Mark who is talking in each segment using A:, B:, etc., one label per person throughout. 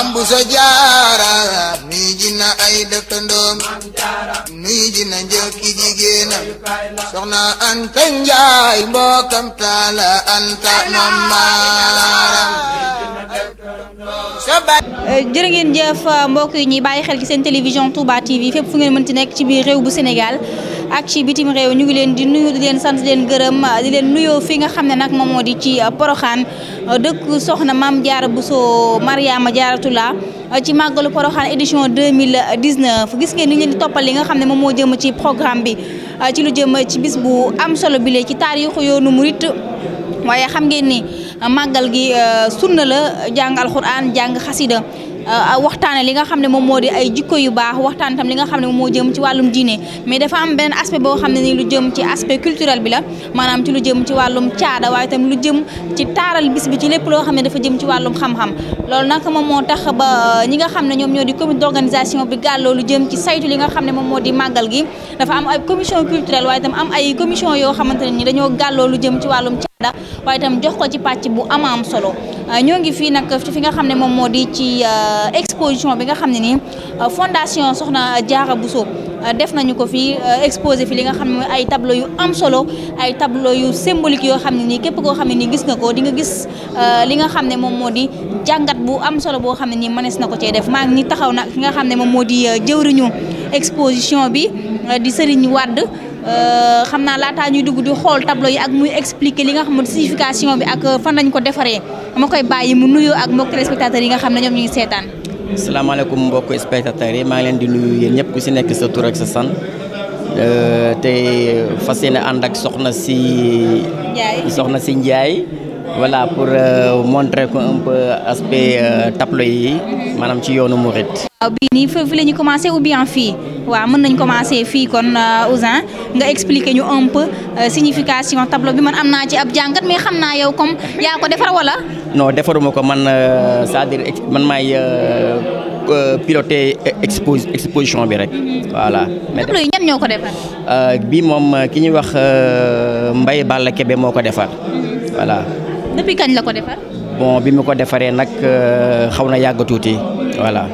A: Mambusa Jaara ji na ay dëkkandoom nuy ji na njëkki jigéenam soxna Anta Njaay mbokkam taala Anta mamaaram eh, ngeen jëf mbokk yi bàyyi xel ci seen télévision Touba TV fépp fu ngeen mënti nekk ci biir réew bu Sénégal ak ci bitim réew ñu ngi leen di nuyu di leen sant leen gërëm di leen nuyoo fi nga xam ne nag moom moo di ci Poroxaan dëkk soxna Maam Jaara Buso Mariama jaaratula ci màggalu Porokhane édition 2019 gis ngeen ni ñu leen di toppal li nga xam ne moom moo jëm ci programme bi euh, ci lu jëm ci bis bu am solo bi lee ci taarixu yoonu murit waaye xam ngeen ni màggal gi euh, sunna la jàng alxuraan jàng xasida Euh, waxtaane li nga xam ne moom moo di ay jikko yu baax waxtaan tam li nga xam ne moom moo jëm ci wàllum diine mais dafa am benn aspect boo xam ne ni lu jëm ci aspect culturel bi la maanaam ci lu jëm ci wàllum caada waaye jëm ci taaral bis bi ci lépp loo xam ne dafa jëm ci wàllum xam-xam loolu nag moom moo tax ba euh, ñi nga xam ne ñoom ñoo di comité d'organisation bi gàlloo lu jëm ci saytu li nga xam ne moom moo di màggal gi dafa am ay commission culturelle waaye tam am ay commission yoo xamante ne ni dañoo gàlloo lu jëm ci wàllum waaye itam jox ko ci pàcc bu ama am solo euh, ñoo ngi fii nag fi nga xam ne moom moo di ci euh, exposition bi nga xam ne nii euh, fondation Soxna Diarra Bousso def nañu ko fii exposé fi li nga xam ne ay tableau yu am solo ay tableau yu symbolique yoo xam ne nii képp koo xam ne nii gis nga ko di nga gis li nga xam ne moom moo di jàngat bu am solo boo xam ne nii mënees na ko cee def maa ngi taxaw nag ki nga xam ne moom moo di jëwriñu exposition bi di Serigne wàdd Euh, xam naa laataa ñuy dugg di xool tableau yi ak muy expliquer li nga xam ne signification bi ak euh, fan lañ ko defaree ma koy bàyyi mu nuyoo ak mbokk téléspectateurs yi nga xam ne ñoom ñu ngi seetaan.
B: salaamaaleykum mbokk spectateurs yi maa ngi leen di nuyu yéen ñëpp ko si nekk sa tur ak sa san euh, te fas yéene ànd ak soxna si. Ndiaye soxna si njaay voilà pour euh, montrer ko un peu aspect euh, tableau yi maanaam ci yoonu Mouride.
A: waaw bii nii foofu la ñu commencé ou bien fii waaw mën nañ commencé fii kon euh, Ousin nga expliquer ñu un peu signification tableau bi man am naa ci ab jàngat mais xam naa yow comme yaa ko defar wala.
B: non defaruma ko man cest à man may piloter expo exposition bi rek voilà. tableau yi
A: ñan ñoo ko defar.
B: bii moom ki ñuy wax Mbaye Balla Kébé moo ko defar voilà.
A: depuis kañ la ko defar.
B: bon bi mu ko defaree nag euh, xaw na yàgg tuuti voilà.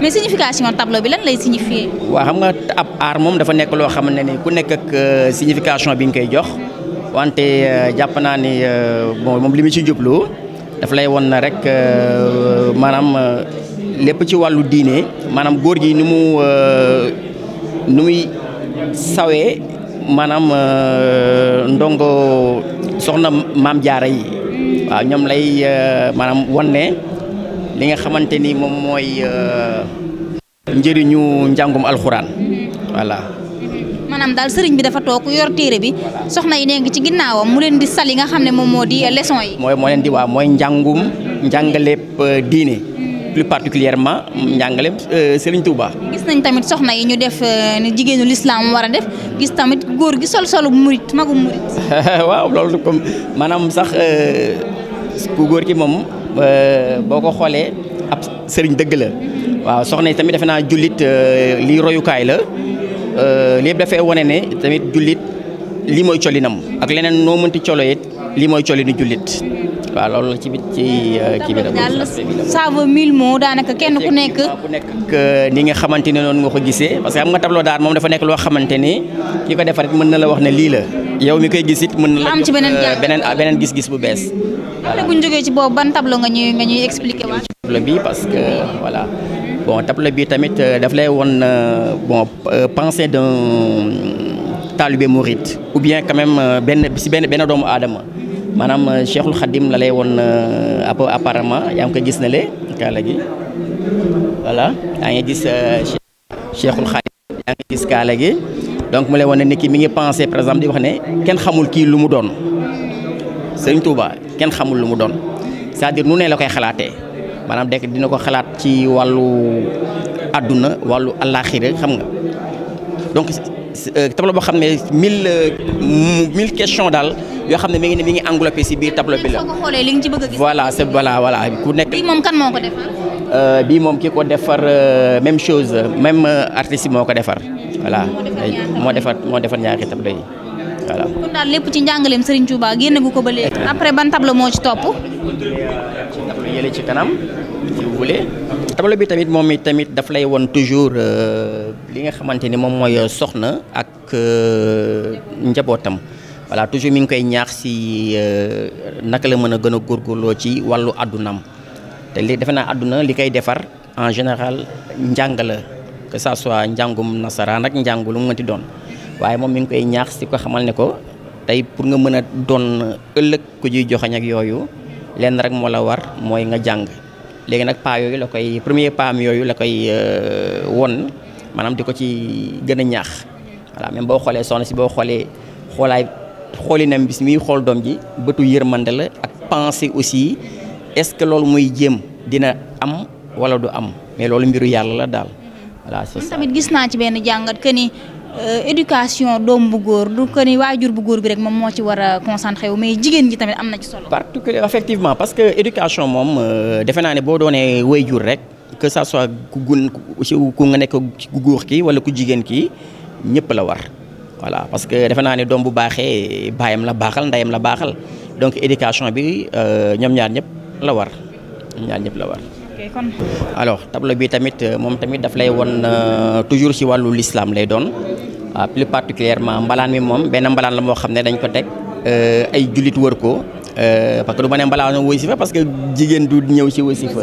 A: mais signification tableau bi lan lay signifier.
B: waaw xam nga ab art moom dafa nekk loo xam ne ni ku nekk ak euh, bi nga koy jox wante euh, jàpp naa ni bon moom li mu ci jublu daf won na rek maanaam lépp ci wàllu diine maanaam góor gi ni mu nu muy sawee maanaam ndongo soxna maam jaara yi. waaw ñoom lay euh, maanaam wan ne li nga xamante ni moom mooy euh, njëriñu njàngum alxuraan
A: mm-hmm.
B: voilà. Mm-hmm.
A: maanaam daal sëriñ bi dafa toog yor téere bi soxna yi nekk ci ginnaawam mu leen di sali nga xam ne moom moo di euh, leçon yi.
B: mooy moo leen di waa mooy njàngum njàngaleeb mm-hmm. diine. plus particulièrement njàngaleeb Serigne Touba.
A: gis nañ tamit soxna yi ñu def ni jigéenu lislaam war a def gis tamit góor gi sol solu murit magu murit
B: waaw loolu comme maanaam sax euh, ku góor ki moom euh, boo ko xoolee ab sëriñ dëgg la waaw soxna yi tamit defe naa jullit euh, lii royukaay la lépp dafay wane ne tamit jullit lii mooy colinam ak leneen noo mënti colo lii mooy colinu jullit waaw loolu la ci bit ci euh, kii bi la daal ça
A: vaut mille daanaka kenn ku nekk ku nekk
B: euh, ni nga xamante ne noonu nga ko gisee parce que xam nga tableau d'art moom dafa nekk loo xamante ni ki ko defar mën na la wax ne lii la yow mi koy gis it mën na la am ci beneen euh, ah, beneen gis-gis bu bees voilà
A: bu ñu jógee ci boobu ban tableau nga ñuy nga ñuy expliquer
B: bi parce que voilà bon tableau bi tamit daf lay won bon pensée d'un talibé mouride ou bien quand même benn si benn benn doomu aadama maanaam euh, Cheikhul Khadim la lay woon euh, apparemment yaa ngi ko gis na le kaala gi voilà yaa ngi gis euh, Cheikhul Khadim yaa ngi gis kaala gi donc mu lay woon ne nit ki mi ngi pensé par exemple di wax ne kenn xamul kii lu mu doon Sëriñ Touba kenn xamul lu mu doon c'est-à-dire nu ne la koy xalaatee maanaam dekk dina ko xalaat ci wàllu àdduna wàllu àllaaxira xam nga donc tableau boo xam ne mille questions daal yoo xam ne mi ngi ne mi ngi englobé si biir tableau bi la. voilà c' est voilà voilà ku nekk. bii euh, bii moom ki ko defar euh, même chose même euh, artiste moo ko defar voilà. moo defar moo defar ñaari tableau yi
A: lépp ci njàngaleem Serigne Touba génne gu ko ba léegi. moo ci topp.
B: ci kanam si bi tamit moom it tamit daf lay toujours li nga xamante ni moom mooy soxna ak njabootam. voilà toujours mi ngi koy ñaax si euh, naka la mën a gën a góor góorloo ci wàllu àddunaam te li defe naa àdduna li koy defar en général njàng la que ça soit njàngum nasaraan ak njàngu lu mu mënti doon waaye moom mi ngi koy ñaax si ko xamal ne ko tey pour nga mën a doon ëllëg ku juy joxañ ak yooyu lenn rek moo la war mooy nga jàng léegi nag pas yooyu la koy premier pas am yooyu la koy euh, won maanaam di ko ci gën a ñaax voilà même boo xoolee soxna si boo xoolee xoolinam bis muy xool doom ji bëtu yërmande la ak pensée aussi est-ce que loolu muy jéem dina am wala du am mais loolu mbiru yàlla la daal voilà c'est ça
A: tamit gis naa ci benn jàngat que ni euh, éducation doom bu góor du que ni waajur bu góor bi rek moom moo ci war a concentré wu mais jigéen ji tamit am na ci solo.
B: particulier effectivement parce que éducation moom euh, defe naa ne boo doonee waajur rek que ça soit ku gun ku nga nekk ku góor ki wala ku jigéen ki ñëpp la war. voilà parce que defe naa ne doom bu baaxee baayam la baaxal ndeyam la baaxal donc éducation bi euh, ñoom ñaar ñëpp la war ñoom ñaar ñëpp la war. kon. alors bi tamit euh, moom tamit daf lay won euh, toujours ci wàllu l'islam lay doon ah, plus particulièrement mbalaan mi moom benn mbalaan la moo xam ne dañ ko teg ay jullit wër ko parce que du ma ne mbalaanu wasifa parce que jigéen du ñëw ci wasifa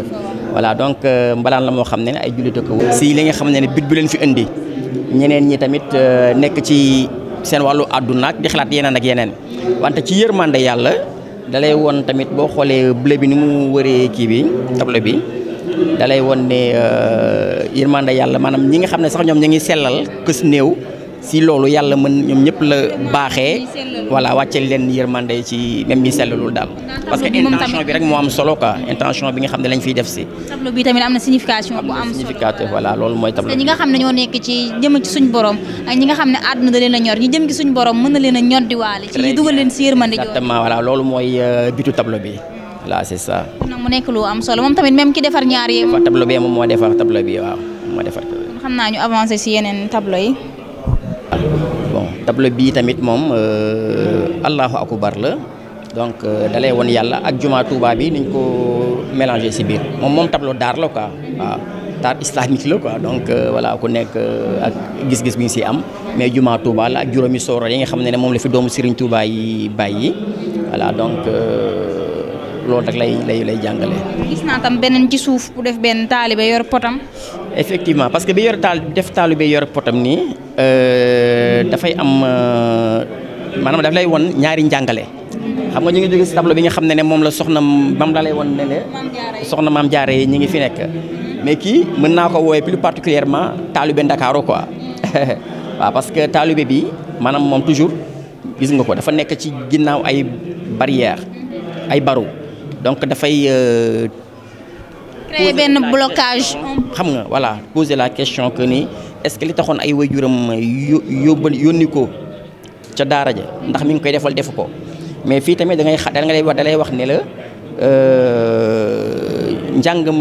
B: voilà donc mbalaan la moo xam ne ay jullit ko wër. si li nga xam ne bit bi leen fi indi. ñeneen ñi tamit euh, nekk ci seen wàllu àdduna ak di xalaat yeneen ak yeneen wante ci yërmande yàlla dalay woon tamit boo xoolee bleu bi ni mu wëree kii bi tableau bi dalay woon ne euh, yërmande yàlla maanaam ñi nga xam ne sax ñoom ñu ngi sellal kës néew si loolu yàlla mën ñoom ñëpp la baaxee voilà wàcceel leen yërmande ci même ñi sellalul daal. parce intention bi rek moo am solo quoi intention bi nga xam ne
A: ñoo nekk ci jëm ci suñu borom ak ñi nga xam ne àdduna leen a ñor ñi jëm ci suñu borom mën na leen a ñor di ci dugal leen si yërmande exactement voilà
B: loolu mooy euh, bitu tableau bi. Hmm. voilà c'est ça.
A: mu nekk lu am solo moom tamit même ki defar ñaar yi.
B: moom moo defar tableau bi waaw moo defar.
A: xam
B: bon tableau bii tamit moom euh, allahu akbar la donc euh, dalay woon yàlla ak jumaa Touba bi niñ ko mélangé si biir moom moom tableau d'art la quoi waaw d'art islamique la quoi donc euh, voilà ku nekk ak gis-gis bu ñu si am mais juma Touba la ak juróomi sooro yi nga xam ne ne moom la fi doomu Serigne Touba yi bàyyi voilà donc loolu rek lay lay jàngale.
A: gis naa tam beneen ci suuf bu def benn taalibe yor potam.
B: effectivement parce que bi yor taal def taalu bi yor potam nii euh, dafay am euh, maanaam daf lay won ñaari njàngale. xam nga ñu ngi jóge si tableau bi nga xam ne ne moom la soxna bam da lay won soxna maam jaare yi ñi ngi fi nekk mais kii mën naa ko woowee plus particulièrement taalibe Ndakaaru quoi waaw parce que taalibe bi maanaam moom toujours gis nga ko dafa nekk ci ginnaaw ay barrière ay barreau donc dafay euh,
A: créer benn blocage.
B: xam nga voilà poser la question que nii est-ce que li taxoon ay waajuram yóbbal yónni ko ca daara ja ndax mi ngi koy defal def ko mais fii tamit da ngay xa da ngay wax da wax ne la euh, njàngam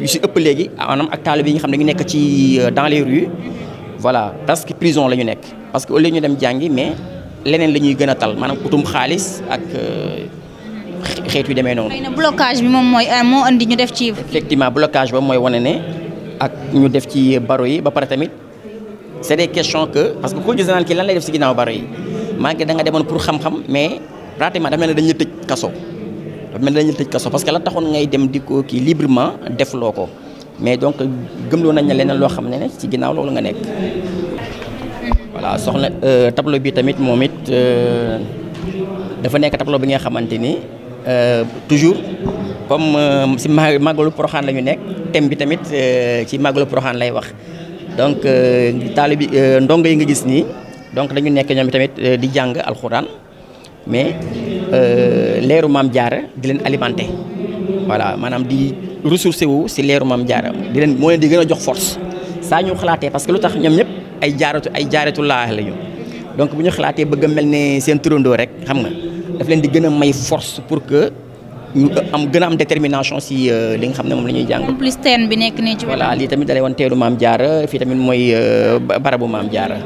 B: yu si ëpp léegi maanaam ak taalibe bi ñu xam ne ñu nekk ci euh, dans les rues voilà que prison la ñu nekk parce que au lieu ñu dem jàngi mais leneen la ñuy gën a tal maanaam utum xaalis ak. Euh, xeet yu demee noonu.
A: blocage bi moom mooy euh, moo andi ñu
B: def ci. effectivement blocage ba mooy wane ne ak ñu def ci baro yi ba pare tamit c'est des questions que parce que koo gis naan kii lan lay def si ginnaaw baro yi maa ngi da nga demoon pour xam-xam mais pratiquement dafa ne dañ la tëj kaso. dafa mel dañ la tëj kaso parce que la taxoon ngay dem di ko kii librement defuloo ko mais donc gëmloo nañ ne leneen loo xam ne ne ci ginnaaw loolu nga nekk. voilà soxna euh, tableau bi tamit moom it euh, dafa nekk tableau bi nga xamante ni. Euh, toujours comme euh, si màggalu Porokhane la ñu nekk thème bi tamit euh, ci màggalu Porokhane lay wax donc taali bi ndongo yi nga gis nii donc dañu nekk ñoom tamit di jàng alxuraan mais leeru maam jaara di leen alimenter voilà maanaam di ressourcer wu si leeru maam jaara di leen moo leen di gën a jox force saa ñu xalaatee parce que lu tax ñoom ñëpp ay jaaratu ay jaaratu laa la ñu donc bu ñu xalaatee bëgg a mel ni seen turandoo rek xam nga daf leen di gën a may force pour que am gën a am détermination si euh, li nga xam ne moom la ñuy jàng.
A: plus teen bi nekk nii ci. voilà
B: lii tamit da lay woon teelu maam jaara fii tamit mooy euh, barabu maam jaara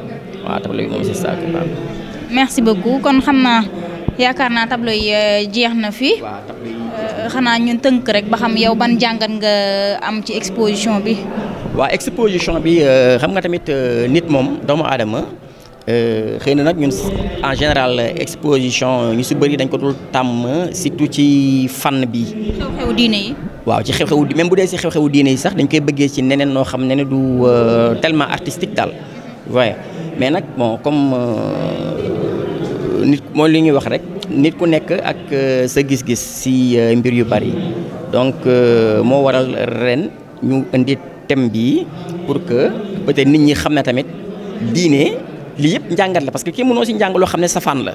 B: waaw tableau bi moom c'est ça.
A: merci beaucoup kon xam naa yaakaar naa tableau yi euh, jeex na fi. xanaa ñun tënk rek ba xam yow ban jàngat nga am ci exposition bi.
B: waa exposition bi xam nga tamit nit moom doomu aadama. Euh, xëy na nag ñun en général euh, exposition ñu si bëri dañ ko dul tàmm surtout ci fànn bi
A: xew
B: waaw ci xew-xewu même bu dee si xew-xewu diine yi sax dañ koy bëggee ci neneen noo xam ne ne du euh, tellement artistique daal waaye mais nag bon comme nit mooy li ñuy wax rek nit ku nekk ak sa gis-gis si mbir yu bari donc moo waral ren ñu indi thème bi pour que peut-être nit ñi xam ne tamit diine. lii yëpp njàngat la parce que kii mënoo si njàng loo xam ne safaan la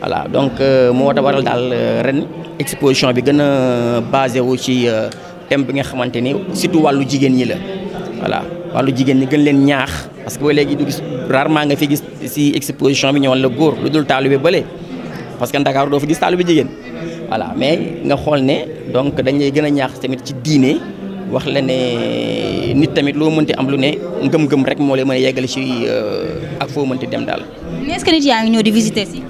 B: voilà donc euh, moo da waral daal euh, ren exposition bi gën a euh, basé wu ci thème bi nga xamante ni surtout wàllu jigéen ñi la voilà wàllu jigéen ñi gën leen ñaax parce que ba léegi du gis rarement nga fi gis si exposition bi ñëwoon la góor lu dul bi bële parce que Ndakaaru doo fa gis bi jigéen voilà mais nga xool ne donc dañ lay gën a ñaax tamit ci diine wax la ne nit tamit loo mënti am lu ne ngëm-ngëm rek moo lay mën a yeggale ci euh, ak foo mënti dem daal.
A: mais est-ce que nit yaa ngi ñëw di visiter si.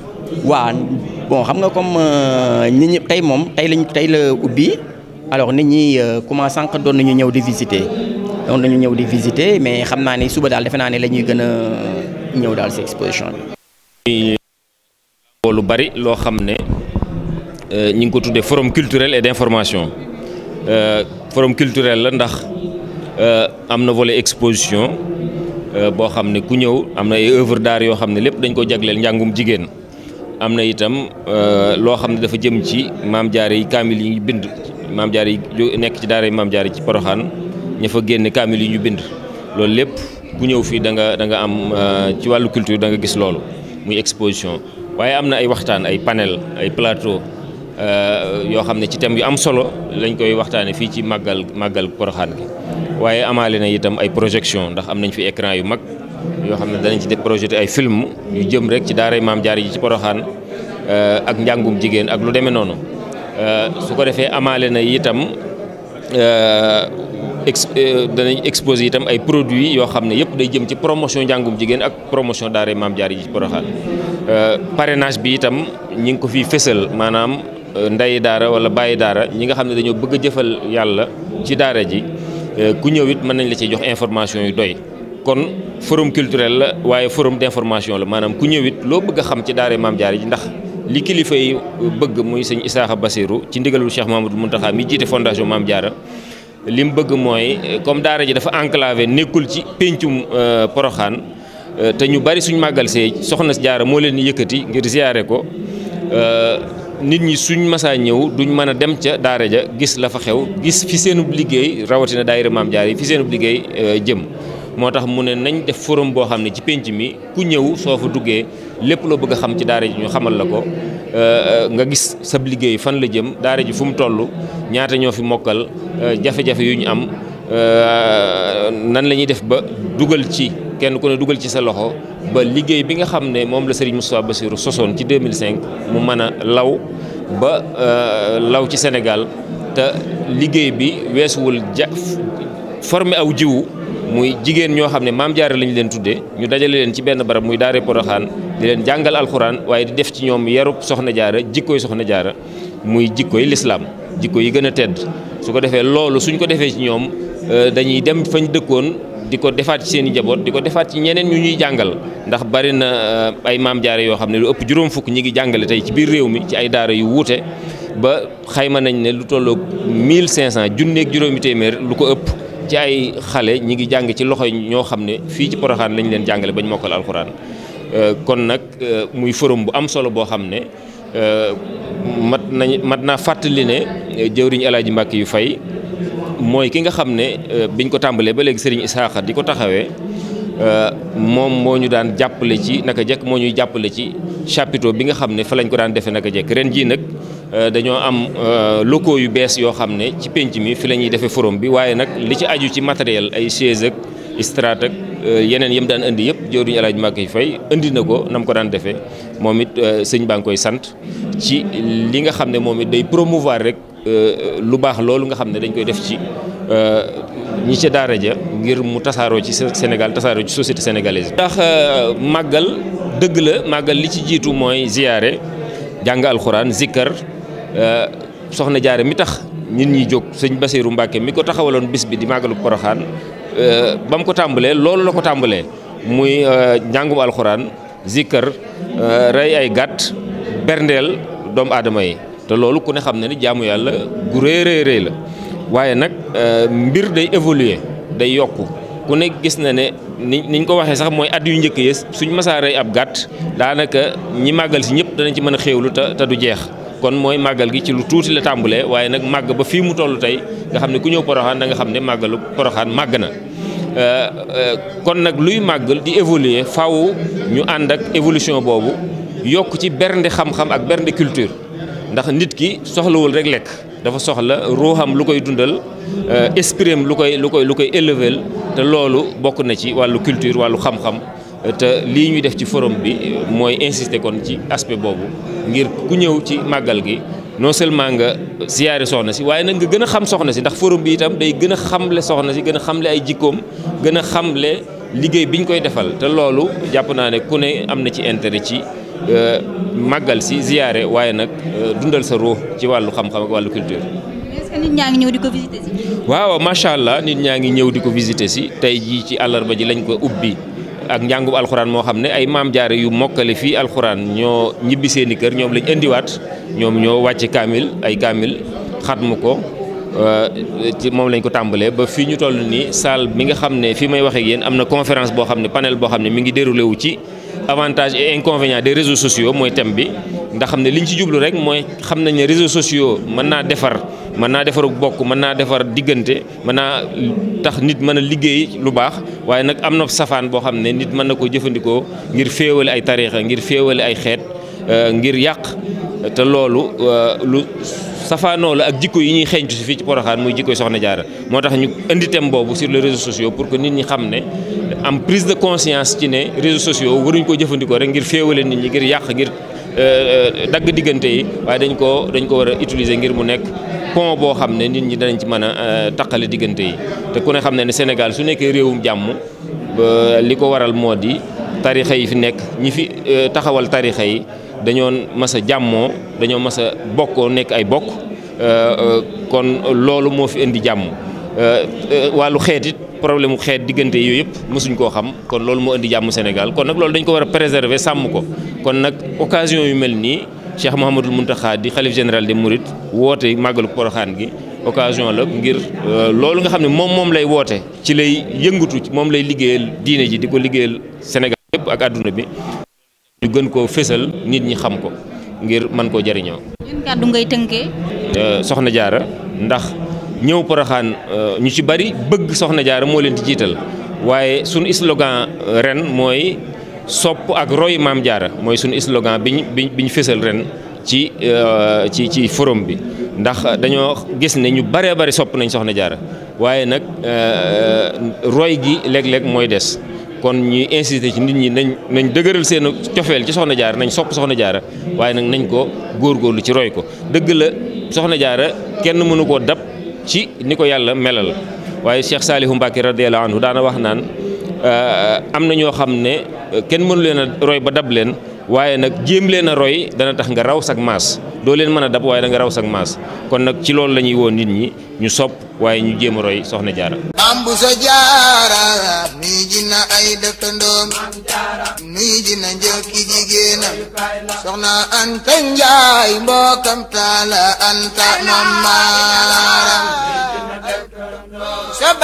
B: bon xam nga comme euh, nit ñi tey moom tey lañ tey la ubbi alors nit ñi euh, commencé sànq doon nañu ñëw di visiter doon nañu ñëw di mais xam naa ni suba daal defe naa ne la ñuy gën a ñëw daal si exposition
C: bi. lu bari loo xam ne ñu ngi ko tuddee forum culturel et d'information. forum culturel la ndax euh, am na vole exposition euh, boo xam ne ku ñëw am na ay œuvre d'art yoo xam ne lépp dañ ko jagleel njàngum jigéen am na itam euh, loo xam ne dafa jëm ci maam jaare yi kaamil yi ñu bind maam jaare yi nekk ci daara yi maam jaare ci poroxaan ña fa génne kaamil yi ñu bind loolu lépp ku ñëw fii da nga da nga am ci wàllu culture da nga gis loolu muy exposition waaye am na ay waxtaan ay panel ay plateau Euh, yoo xam ne ci thème yu am solo lañ koy waxtaanee fii ci màggal màggal Poroxaan gi waaye amaale na itam ay projection ndax am nañ fi écran yu mag yoo xam ne danañ ci def projeté ay film yu jëm rek ci daaray maam jaar yi ci Poroxaan euh, ak njàngum jigéen ak lu demee noonu euh, su ko defee amaale na itam ex danañ exposé itam ay produits yoo xam ne yëpp day jëm ci promotion njàngum jigéen ak promotion daaray maam jaar yi ci Poroxaan bi itam ñi ngi ko fiy fësal maanaam. ndey daara wala bàyyi daara ñi nga xam ne dañoo bëgg a jëfal yàlla ci daara ji euh, ku ñëw mën nañ la ci jox information yu doy kon forom culturel la waaye forum d'information la maanaam ku ñëw loo bëgg a xam ci daara maam jaara ji ndax li kilifa yi bëgg muy sëñ Isaaxa Basiru ci ndigalul Cheikh Mamadou Muntaxa mi jiite fondation maam jaara li mu bëgg mooy comme daara ji dafa enclavé nekkul ci péncum euh, poroxaan euh, te ñu bari suñ màggal see soxna jaara moo leen yëkkati ngir ziyaare ko nit ñi suñ masaa ñëw duñ mën a dem ca daara ja gis la fa xew gis fi seenub liggéey rawatina daayira maam jaar yi fi seenub liggéey euh, jëm moo tax mu ne nañ def forom boo xam ne ci pénc mi ku ñëw soo fa duggee lépp loo bëgg a xam ci daara ji ñu xamal la ko euh, nga gis sab liggéey fan la jëm daara ji fu mu toll ñaata ñoo fi mokkal euh, jafe-jafe yu ñu am nan lañuy def ba dugal ci kenn ku ne dugal ci sa loxo ba liggéey bi nga xam ne moom la Serigne Moustapha Bassirou sosoon ci 2005 mu mën a law ba euh, law ci Sénégal te liggéey bi weesuwul ja formé aw jiwu muy jigéen ñoo xam ne maam jaara lañ leen tudde ñu dajale leen ci benn barab muy daare Poroxaan di leen jàngal alxuraan waaye di def ci ñoom yarub soxna jaara jikkooy soxna jaara muy jikkooy lislaam jikko yi gën a tedd su ko defee loolu suñ ko defee ci ñoom euh, dañuy dem fañ dëkkoon di ko defaat ci seen i jaboot di ko defaat ci ñeneen ñu ñuy jàngal ndax bari na euh, ay maam jaare yoo xam ne lu ëpp juróom fukk ñi ngi jàngale tey ci biir réew mi ci ay daara yu wuute ba xayma nañ ne lu tolloog 1500 junneeg juróomi téeméer lu ko ëpp ci ay xale ñi ngi jàng ci loxo ñoo xam ne fii ci Poroxaan lañ leen jàngale bañ mokkal alxuraan euh, kon nag euh, muy forum bu am solo boo xam ne mat nañ naa fàttali ne jëwriñ Alaaji Mbàkke yu fay mooy ki nga xam ne euh, biñ ko tàmbalee ba léegi Serigne Isaaxa di ko taxawee euh, moom moo ñu daan jàppale ci naka jekk moo ñuy jàppale ci chapiteau bi nga xam ne fa lañ ko daan defee naka jekk ren jii nag euh, dañoo am loko yu bees yoo xam ne ci penc mi fi la ñuy defee forum bi waaye nag li ci aju ci matériel ay chaise ak straat ak yeneen yëm daan indi yëpp jëwriñu El Hadj Mbacké Faye indi na ko nam ko daan defee moom it sëñ baa ngi koy sant ci li nga xam ne moom it day promouvoir rek. Euh, lu baax loolu nga xam ne dañ koy def ci euh, ñi ca daara ja ngir mu tasaaroo ci Sénégal tasaaroo ci société sénégalaise bi. ndax euh, màggal dëgg la màggal li ci jiitu mooy ziyaare jàng alxuraan zikkar soxna jaare mi tax nit ñi jóg sëñ Basiiru Mbàkke mi ko taxawaloon bis bi di màggalu Poroxaan ba mu ko tàmbalee loolu la ko tàmbalee muy njàngum alxuraan zikkar rey ay gàtt berndeel doomu aadama yi. te loolu ku ne xam na ni jaamu yàlla gu rëy rëy la waaye nag euh, mbir day évoluer day yokk ku ne gis na ne ni niñ ko waxee sax mooy at yu njëkk yées suñ masaa rey ab gàtt daanaka ñi màggal si ñëpp danañ ci mën a xéewlu te te du jeex kon mooy màggal gi ci lu tuuti la tàmbulee waaye nag màgg ba fii mu toll tey nga xam ne ku ñëw poroxaan da nga xam ne màggalu poroxaan màgg na euh, euh, kon nag luy màggal di évoluer faw ñu ànd ak évolution boobu yokk ci bernde xam-xam ak bernde culture ndax nit ki soxlawul rek lekk dafa soxla ruuxam lu koy dundal euh, esprit am lu koy lu koy lu koy élever te loolu bokk na ci wàllu culture wàllu xam-xam te lii ñuy def ci forum bi euh, mooy insister kon ci aspect boobu ngir ku ñëw ci màggal gi non seulement nga siyaare soxna si waaye nag nga gën a xam soxna si ndax forum bi itam day gën a xamle soxna si gën a xamle ay jikkoom gën a xamle liggéey bi ñu koy defal te loolu jàpp naa ne ku ne am na ci intérêt ci. Euh, màggal si ziyaare waaye nag euh, dundal sa ruux ci wàllu xam-xam ak wàllu culture. waaw macha allah nit ñaa ngi ñëw di ko visiter si tey jii ci àllarba ji lañ ko ubbi. ak njàngub alxuraan moo xam ne ay maam jaare yu mokkale fii alxuraan ñoo ñibbi seen i kër ñoom lañ indiwaat ñoom ñoo wàcc kaamil ay kaamil xatmu ko euh, ci moom lañ ko tàmbalee ba fii ñu toll nii salle mi nga xam ne fii may waxee ak yéen am na conférence boo xam ne panel boo xam ne mi ngi déroulé wu ci avantage et inconvénients des réseaux sociaux mooy thème bi ndax xam ne li ñu ci jublu rek mooy xam nañ ne réseaux sociaux mën naa defar mën naa defaru bokk mën naa defar diggante mën naa tax nit mën a liggéey lu baax waaye nag am na safaan boo xam ne nit mën na ko jëfandikoo ngir féewale ay tariixa ngir féewale ay xeet euh, ngir yàq te loolu euh, lu safaanoo la ak jikko yi ñuy tu si fii ci Porokhane muy jikko yi soxna jaara moo tax ñu indi thème boobu sur les réseaux pour que nit ñi xam ne am prise de conscience ci ne réseaux sociaux waruñ ko jëfandikoo rek ngir féewale nit ñi ngir yàq ngir euh, dagg diggante yi waaye dañ koo dañ ko war a utiliser ngir mu nekk pont boo xam ne nit ñi danañ ci mën a euh, taqale diggante yi te ku ne xam ne ne Sénégal su nekkee réewum jàmm li ko waral moo di tarixa yi fi nekk ñi fi euh, taxawal tarixa yi dañoo mas a jàmmoo dañoo mas a bokkoo nekk ay bokk kon loolu moo fi indi jàmm Euh, euh, wàllu xeet it problème mu xeet diggante yooyu yëpp mësuñ koo xam kon loolu moo indi jàmm Sénégal kon nag loolu dañ ko war a préserver sàmm ko kon nag occasion yu mel nii Cheikh Mouhamadul xaar di xalif général de murit woote màggalu Porokhane gi occasion la ngir euh, loolu nga xam ne moom moom lay woote ci lay yëngatu moom lay liggéeyal diine ji di ko liggéeyal Sénégal yëpp ak àdduna bi ñu gën koo fësal nit ñi xam ko ngir mën koo jariñoo
A: ngay tënkee.
C: soxna jaara ñëw poroxaan euh, ñu ci bari bëgg soxna jaara moo leen di jiital waaye sunu slogan euh, ren mooy sopp ak roy maam jaara mooy sunu slogan bi ñu bi ñu fësal ren ci euh, ci ci forum bi ndax dañoo gis ne ñu baree bari sopp nañ soxna jaara waaye nag roy gi léeg-léeg mooy des kon ñuy insister ci nit ñi nañ nañ dëgëral seen cofeel ci soxna jaara nañ sopp soxna jaara waaye nag nañ ko góorgóorlu ci roy ko dëgg la soxna jaara kenn mënu koo dab ci ni ko yàlla melal waaye Cheikh Saalihu Mbacke radiyallahu anhu daana wax naan euh, am na ñoo xam ne kenn mënu leen a roy ba dab leen waaye nag jéem leen a roy dana tax nga raw sak maas doo leen mën a dab waaye da nga raw sag maas kon nag ci loolu la ñuy woon nit ñi ñu sopp waaye ñu jéem a roy soxna jaara
A: mam bu so jaara nuy ji na ay dëkkandoom nuy ji na njëkki jigéenam soxna anta njaay mbokkam taala anta mam maaram